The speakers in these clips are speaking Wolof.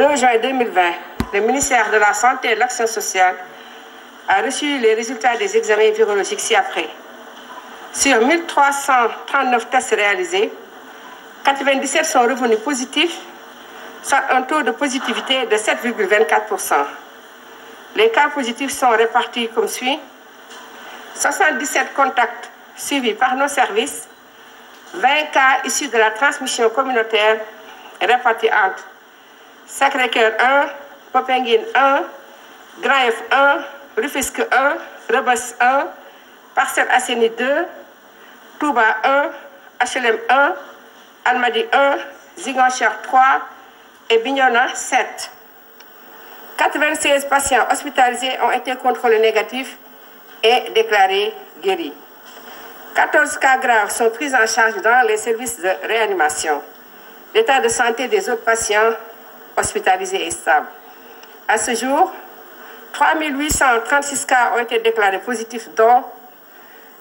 2 juin 2020, le ministère de la Santé et de sociale a reçu les résultats des examens virologiques ci-après. Sur 1339 tests réalisés, 97 sont revenus positifs, soit un taux de positivité de 7,24%. Les cas positifs sont répartis comme suit. 77 contacts suivis par nos services, 20 cas issus de la transmission communautaire répartis entre Sacré-Cœur 1 Popenguine 1 Grand Yoff 1 Rufisque 1 Rebeuss 1 Parcelles Assainies 2 Touba 1 HLM 1 Almadies 1 Ziguinchor et Bignona 7 96 patients hospitalisés ont été contrôlés négatifs et déclarés guéris 14 cas graves sont pris en charge dans les services de réanimation. L'état de santé des autres patients hospitalisés est stable. À ce jour, 3 836 cas ont été déclarés positifs, dont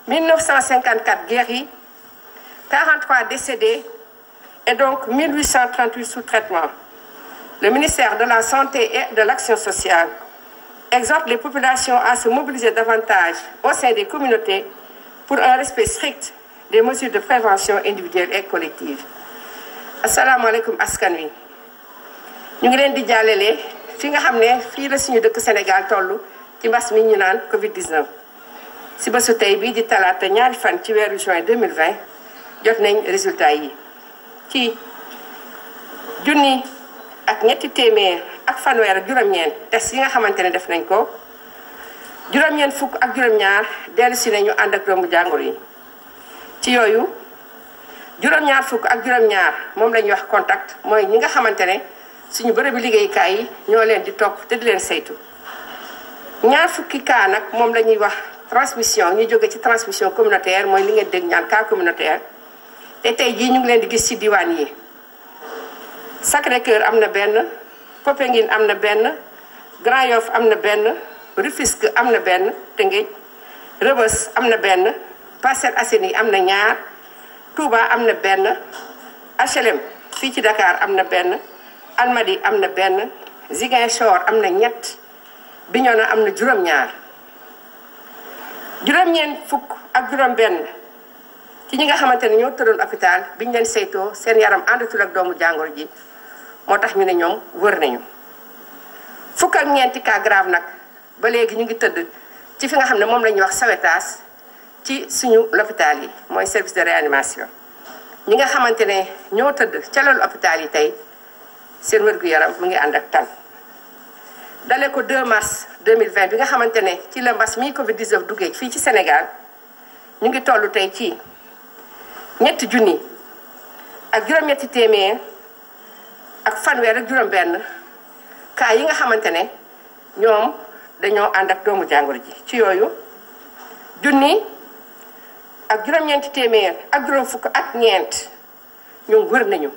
1954 guéris, 43 décédés et donc 1838 sous traitement. Le ministère de la Santé et de l'Action sociale exhorte les à se mobiliser davantage au sein des communautés pour un respect strict des mesures de prévention individuelle et collective. asalaamaaleykum askan wi ñu ngi leen di jàllale fi nga xam ne fii la suñu dëkk Sénégal toll ci mbas mi ñu naan Covid 19. si bésu tey bii di talaata ñaari fan ci weeru juin 2020 jot nañ résultat yi ci junni ak ñetti téeméer ak fanweer ak juróom-ñeent test yi nga xamante ne def nañ ko juróom-ñeent fukk ak juróom-ñaar dellu si nañu ànd ak doomu jàngoro yi ci yooyu juróom-ñaar fukk ak juróom-ñaar moom lañuy wax contact mooy ñi nga xamante ne. suñu bërëbu liggéeykaay yi ñoo leen di topp te di leen saytu ñaar fukki kaa nag moom la ñuy wax transmission ñu jóge ci transmission communautaire mooy li ngeen dégg ñaan cas communautaire te tey jii ñu ngi leen di gis ci diwaan yi Sacré-Cœur am na benn Popenguine am na benn Grand Yoff am na benn Rufisque am na benn Tëngéej Rebeuss am na benn Parcelles yi am na ñaar Touba am na benn HLM fii ci Dakar am na benn Almadi am na benn Ziguinchor am na ñett Bignona am na juróom-ñaar juróom-ñeent fukk ak juróom-benn ci ñi nga xamante ne ñoo tëroon hôpital biñ leen saytoo seen yaram àndatul ak doomu jàngoro ji moo tax ñu ne ñoom wër nañu. fukk ak ñeenti cas nag ba léegi ñu ngi tëdd ci fi nga xam ne moom la wax sauvetage ci suñu l'hôpital yi mooy service de ñi nga xamante ne ñoo tëdd ca loolu hôpital yi tey. seen wér-gu-yaram mu ngi ànd ak tan dale ko 2 mars 2020 bi nga xamante ne ci la mbas mi Covid 19 duggee fii ci Sénégal ñu ngi toll tey ci ñetti junni ak juróom-ñetti téeméer ak fanweer ak juróom yi nga xamante ne ñoom dañoo ànd ak doomu ji ci yooyu junni ak juróom téeméer ak juróom fukk ak ñeent ñoom wër nañu.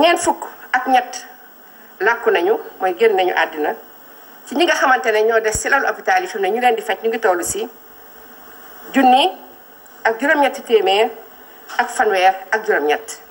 ñeent fukk ak ñett làkku nañu mooy génn nañu àddina ci ñi nga xamante ne ñoo des si lal hôpital yi fi mu ñu leen di faj ñu ngi tollu si junni ak juróom-ñetti téeméer ak fanweer ak juróom-ñett.